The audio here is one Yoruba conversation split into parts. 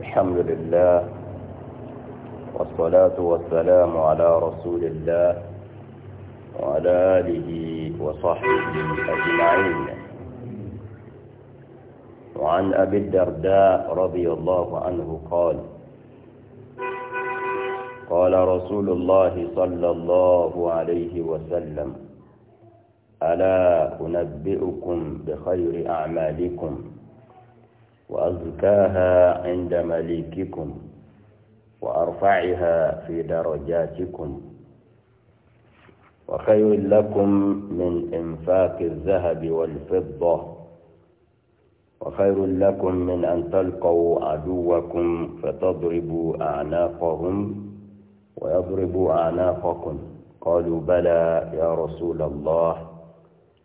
الحمد لله والصلاة والسلام على رسول الله وعلى آله وصحبه أجمعين وعن أبي الدرداء رضي الله عنه قال قال رسول الله صلى الله عليه وسلم ألا أنبئكم بخير أعمالكم وأزكاها عند مليككم وأرفعها في درجاتكم وخير لكم من إنفاق الذهب والفضة وخير لكم من أن تلقوا عدوكم فتضربوا أعناقهم ويضربوا أعناقكم قالوا بلى يا رسول الله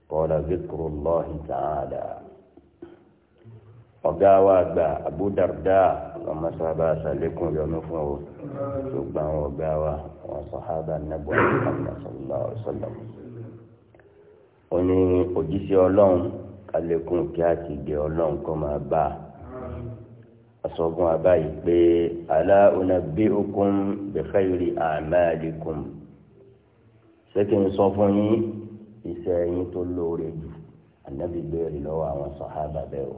قال ذكر الله تعالى ọ̀gá wa àgbà Abu Darda ọmọ sábà sàlékún yọnu fún o ṣùgbọ́n àwọn ọ̀gá wa àwọn sàhábà nàbọ̀ sallallahu alaihi wasallam. ó ní òjíṣẹ́ ọlọ́run kálékún kí á ti gé ọlọ́run kó máa bá a. asọ́gun abáyé pé ala unabbi'ukum bi khayri a'malikum. ṣé kí n sọ fún yín iṣẹ́ yín tó lóore jù ànábì lọ́wọ́ àwọn sàhábà bẹ́ẹ̀ o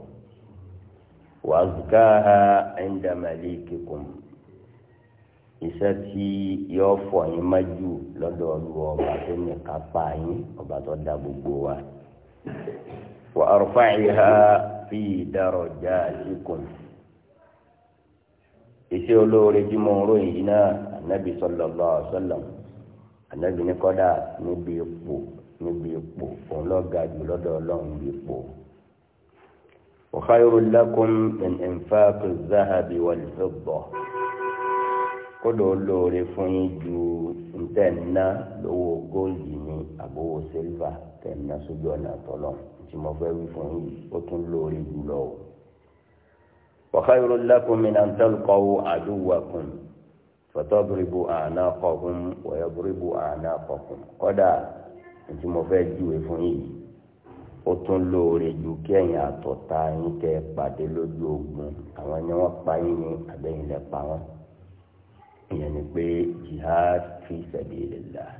wàzùkáhà inda malikikum iṣẹ́ tí yọ fọ yín májú lọ́dọ̀ Olúwa ọba tó ní kápá yín ọba tó dá gbogbo wa wa arfa'iha fi darajatikum iṣẹ́ olóore tí mo ń ròyìn yìí náà anabi sallallahu alaihi wasallam anabi ní kọ́dà níbi ipò níbi ipò òun lọ́ọ́ ga jù lọ́dọ̀ ọlọ́run níbi ipò. وخير لكم من إنفاق الذهب والفضة kódò lóore fún yín ju ntẹ̀nà lówó góòlì ní àbówó sílvà tẹ̀nà sójú ọ̀nà tọ́lọ̀ tí mo fẹ́ wí fún yín ó tún lóore jùlọ o. wa khayrun lakum min an talqaw aduwwakum fatadribu a'naqahum wa yadribu a'naqakum kódà tí mo fẹ́ júwe fún yín ó tún lóore ju kí ẹ̀yin àtọ̀tá yín kẹ́ ẹ pàdé lójú ogun àwọn ni wọ́n pa yín ní abẹ́yìn lẹ́ pa wọ́n ìyẹn ni pé jihad fi sabilillah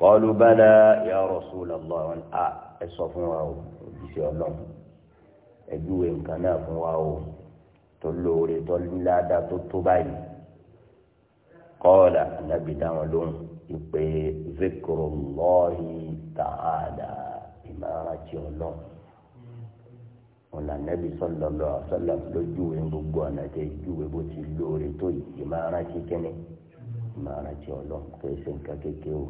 qalu bala ya rasulallah àwọn a ẹ sọ fún wa o òjíṣẹ́ ọlọ́run ẹ júwe nǹkan náà fún wa o tó lóore tó ládàá tó tó báyìí qala ànábì lóhùn ìpè zikrullahi ta'ala láti máa rántí ọlọ́run wọn là nẹ́bí sallallahu alaihi wasallam lójúwe gbogbo ọ̀nà tẹ júwe bó ti lóore tó yìí máa rántí kẹ́ni máa rántí ọlọ́run kìí ṣe nǹkan kékeré o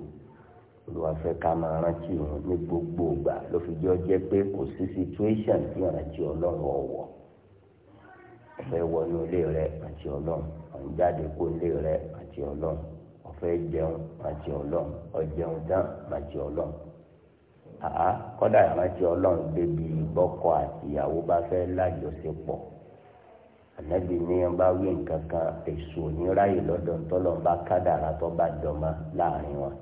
olùwàfẹ́ ká máa rántí òun ní gbogbo ìgbà ló fi jẹ́ ọjẹ́ pé kò sí situation tí ìrántí ọlọ́run ọ̀wọ́ ọ̀fẹ́ wọnú ilé rẹ àti ọlọ́run ọ̀njáde kó ilé rẹ àti ọlọ́run ọ̀fẹ́ jẹun àti ọlọ́run ọ̀jẹun tán àti ọlọ́run àá ah, kọ́dà ìrántí ọlọ́run débi ìbọ́kọ àti ìyàwó bá fẹ́ lájọṣepọ̀ ànábì ní wọn bá wí nǹkan kan èso oníráyè lọ́dọ̀ tọ́lọ́ bá kádàrà tó bá dọ̀mọ́ láàrin wọn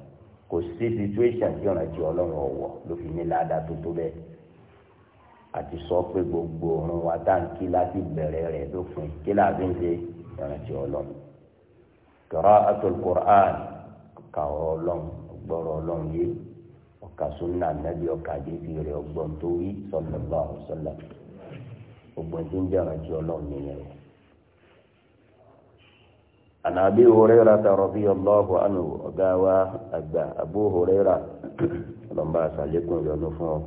kò sí situation tí ìrántí ọlọ́run ọ̀wọ̀ ló fi ní ládàá tó tó bẹ́ẹ̀ àti sọ pé gbogbo òun wa tá n kí láti bẹ̀rẹ̀ rẹ̀ lófin kí láàbí ń ṣe ìrántí ọlọ́run qira'atul Qur'an kàwọ́ ọlọ́run gbọ́rọ̀ ọlọ́run yìí ọkà súnà nàbí ọkà débi rẹ ọgbọ́n tó wí sallallahu alaihi wasallam ọgbọ́n tó ń jẹrán tí Ọlọ́run nìyẹn o. عن أبي هريرة رضي الله عنه قاوى أبا أبو هريرة لما سألكم ينفعه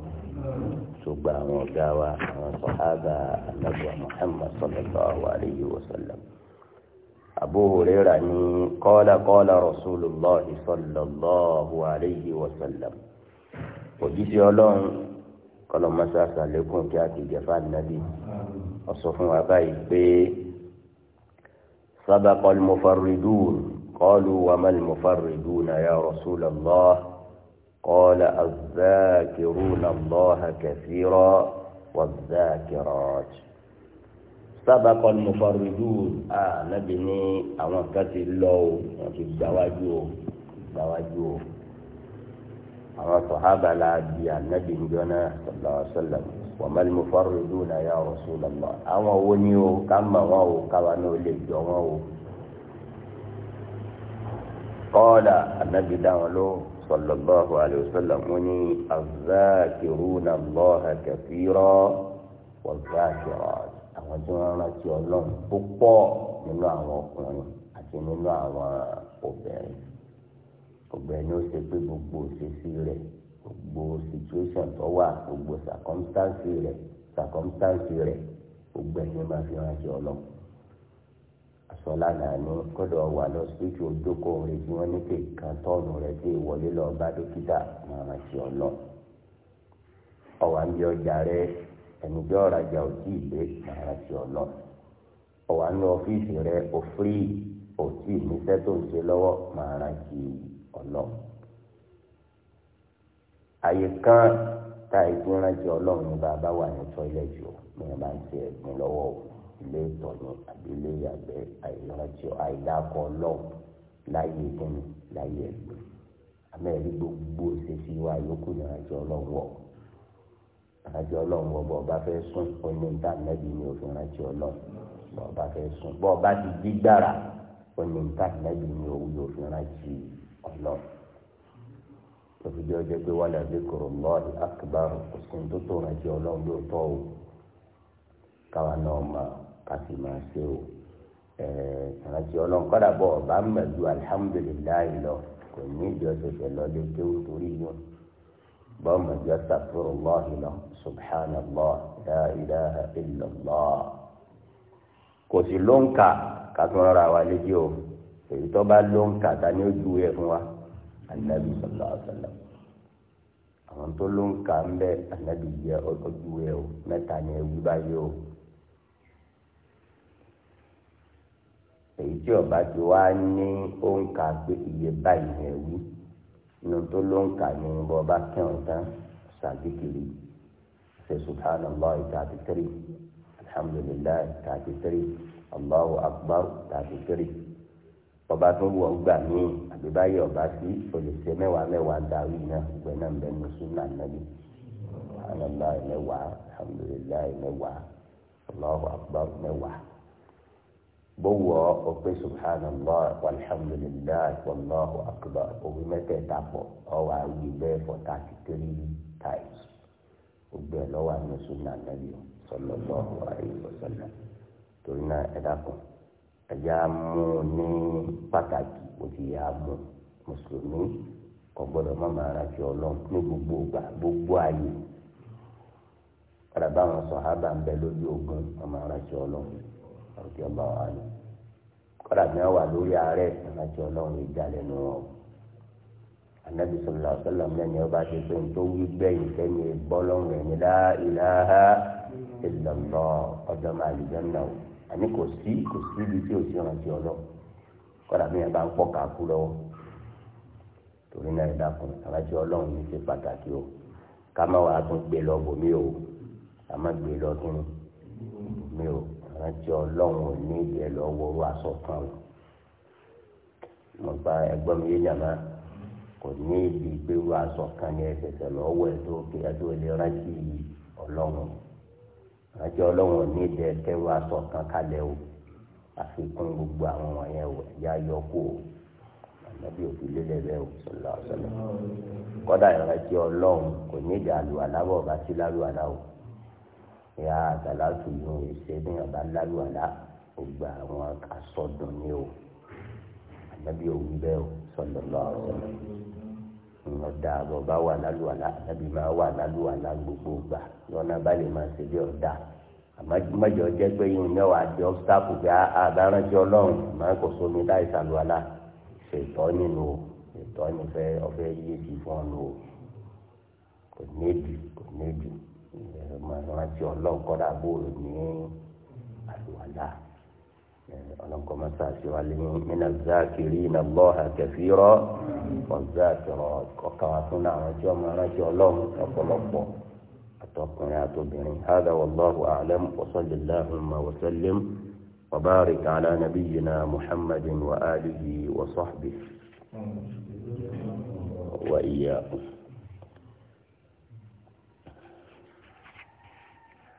سبع وقاوى عن صحابة النبي محمد صلى الله عليه وسلم أبو هريرة قال قال رسول الله صلى الله عليه وسلم òjíṣẹ́ ọlọ́run kọlọmọsá sàlékún kí a ti jẹfà nàbí ọsọ fún wa báyìí pé sabaqa al-mufarridun qalu wa mal mufarridun ya rasulallah qala az-zakiruna allaha kathira waz-zakirat sabaqa al-mufarridun a nàbí ní àwọn kan ti lọ wọn ti gbáwájú o gbáwájú o àwọn sọ̀hábà la di ànábì ńjọ náà sallallahu alaihi wasallam wa mal mufarriduna ya Rasulullah àwọn wo ni o ká mọ̀ wọn o káwa náà lè jọ wọn o. qala ànábì dáhùn ló sallallahu alaihi wasallam wọn ni az-zakiruna Allaha kathira waz àwọn tí wọ́n rántí ọlọ́run púpọ̀ nínú àwọn ọkùnrin àti nínú àwọn obìnrin obìnrin ó ṣe pé gbogbo òṣèṣì rẹ̀ gbogbo situation tó wà gbogbo circumstance rẹ̀ circumstance rẹ̀ gbogbo ẹ̀yìn máa fi ránṣẹ́ ọlọ́run sọlá náà ní kọ́dọ̀ wà lọ síbi òjòkó rẹ̀ tí wọ́n ní pé kan tọ́ọ̀nù rẹ̀ tí ìwọlé lọ bá dókítà máa ma ṣe ọ̀nà. ọwọ́ àbí ọjà rẹ ẹnìjọ́ ọ̀rajà ò tí ì dé máa ma ṣe ọ̀nà. ọwọ́ àánú ọ́fíìsì rẹ ò fírí ò tí ì níṣẹ́ tó ń ṣe lọ́wọ́ máa ma ṣe ọlọ́run àyè kan ta ìgbónájẹ ọlọ́run bàbá wà ní tọ́lẹ̀tì o bí wọ́n bá ń ṣe ẹ̀gbin lọ́wọ́ o ilé ìtọ̀ ni àbí ilé ìyàgbẹ́ àìrántí àìdákọ̀ ọlọ́run láyé ìgbóni láyé ẹ̀gbin àmẹ́rí gbogbo ìṣesí wa yòókù ní ìrìnàjò ọlọ́run wọ̀ ìrìnàjò ọlọ́run wọ̀ bọ́ ọba fẹ́ sùn oní ìta nẹ́bí ni òfin ìrìnàjò ọlọ́run bọ́ ọba fẹ́ sùn bọ́ ọba ti dígbára oní ìta nẹ́bí ni òwúlò òfin ìrìnàjò yìí ọ̀nà tọ́fíjọ́ jẹ́ pé wàlẹ̀ àbíkọ̀rọ̀ lọ́ọ̀dì akíbarù òsùn tó tó rántí ọlọ́run ló tọ́ o káwa náà máa ká sì máa ṣe o rántí ọlọ́run kọ́dà bọ̀ ọ̀bá mẹ́jú alihamudulilayi lọ kò ní ìjọ ṣẹṣẹ lọ lé kéwù torí yẹn bọ́ mẹ́jú astaghfirullah lọ subhanallah la ilaha illallah kò sí ló ń wa léjì o èyí tó bá ló ń kà ta ni ó ju rẹ fún wa anabi sọlá sọlá àwọn tó ló ń kà ń bẹ anabi yẹ ojú rẹ o mẹ́ta ni ewu báyìí o èyí tí ọba ti wá ní ó ń kà pé iye báyìí ni ewu inú tó ló ń kà ní bọba kẹrin tán ṣàgbékiri ṣe subhanallah thirty three alhamdulilayi thirty three allahu akbar thirty three ọba tó wọ gbà mí àbíbáyé ọba sí olùsẹ mẹwàá mẹwàá dàrú iná gbẹ náà ń bẹ ní súnà nàbí alọlá mẹwàá alhamdulilayi mẹwàá Allahu akbar mẹwàá bówó ọpẹ subhanallah walhamdulilayi wallahu akbar òwe mẹ́tẹ̀ẹ̀ta pọ̀ ọwọ àwùjọ bẹ́ẹ̀ for thirty three times gbogbo ẹ àwọn súnà nàbí sallallahu alaihi wasallam torí náà ẹ dákun yá mú ní pàtàkì kò sì yá mú mùsùlùmí kò gbọdọ̀ má máa rántí ọlọ́run ní gbogbo ìgbà gbogbo ààyè rẹ̀ báwọn sọ̀hábà ń bẹ lójú ogun wọn máa rántí ọlọ́run àti ọba wa ni kọ́dà bí wọ́n wà lórí ààrẹ rántí ọlọ́run ìjàlẹ̀ nù wọn. anabi sọlá sọlá mẹ́ni ọba ti pé ní wí gbẹ̀yìn sẹ́ni bọ́lọ́run ẹ̀mí lá ìlàhà ìlọ̀lọ́ ọjọ́ máa lè jẹun náà àní kò sí kò sí ibi tí ò sí ìrántí ọlọ kọ́dà bí yẹn bá ń pọ̀ káàkú lọ́wọ́ torí náà ẹ dákun ìrántí ọlọ́run ní ṣe pàtàkì o ká má wàá tún gbé lọ bòmí o ká má gbé lọ tún mi o ìrántí ọlọ́run ò ní ìdíyẹ lọ wọrú aṣọ kan o mo gba ẹgbọ́n mi yé jàmá kò ní ibi pé wọ aṣọ kan ní ẹsẹ̀sẹ̀ lọ́wọ́ ẹ̀ tó kí ẹ tó lè rántí ọlọ́run o àjọ ọlọ́run ò ní ilẹ̀ kẹrù aṣọ kan kalẹ̀ o àfikún gbogbo àwọn wọ̀nyẹn o ẹ̀yà yọkù o ànábì òfin lélẹ̀ bẹ́ẹ̀ o sọlá ọ̀sọ̀lá kọ́dà ìrántí ọlọ́run kò ní ìdí àlùwàlá bọ̀ bá sí lálùwàlá o ìyá àgbàlá tùyún ìṣe ní ọ̀bá lálùwàlá gbogbo àwọn asọ̀dùn ni o ànábì òwú bẹ́ẹ̀ o sọlá ọ̀sọ̀lá ìmọ̀dà bọ̀bá wà lálùwàlá tàbí máa wà lálùwàlá gbogbo gbà lọ́nà bá lè máa ṣe bí ọ̀dà àmọ́jọ jẹ́ pé yìí ní wàá di obstacle bí abáránjẹ́ ọlọ́run máa ń kó sómi láì sàlùwàlá ṣètọ́ nínú ṣètọ́ nífẹ̀ ọ̀fẹ́ yíyé ti fún ọ nù o kò níbi kò níbi ìrántí ọlọ́run kọ́dà bóòlù ní àlùwàlá ọlọ́nkọ́ mọ́tà sí wa lé mina zakirina Allaha kathira wa zakira ọkàn wa fún àwọn tí wọ́n máa rántí ọlọ́run ọ̀pọ̀lọpọ̀ àtọkùnrin àtobìnrin hada wallahu a'lam wa sallallahu wa sallim wa barik ala nabiyyina muhammadin wa alihi wa sahbihi wa iyyakum.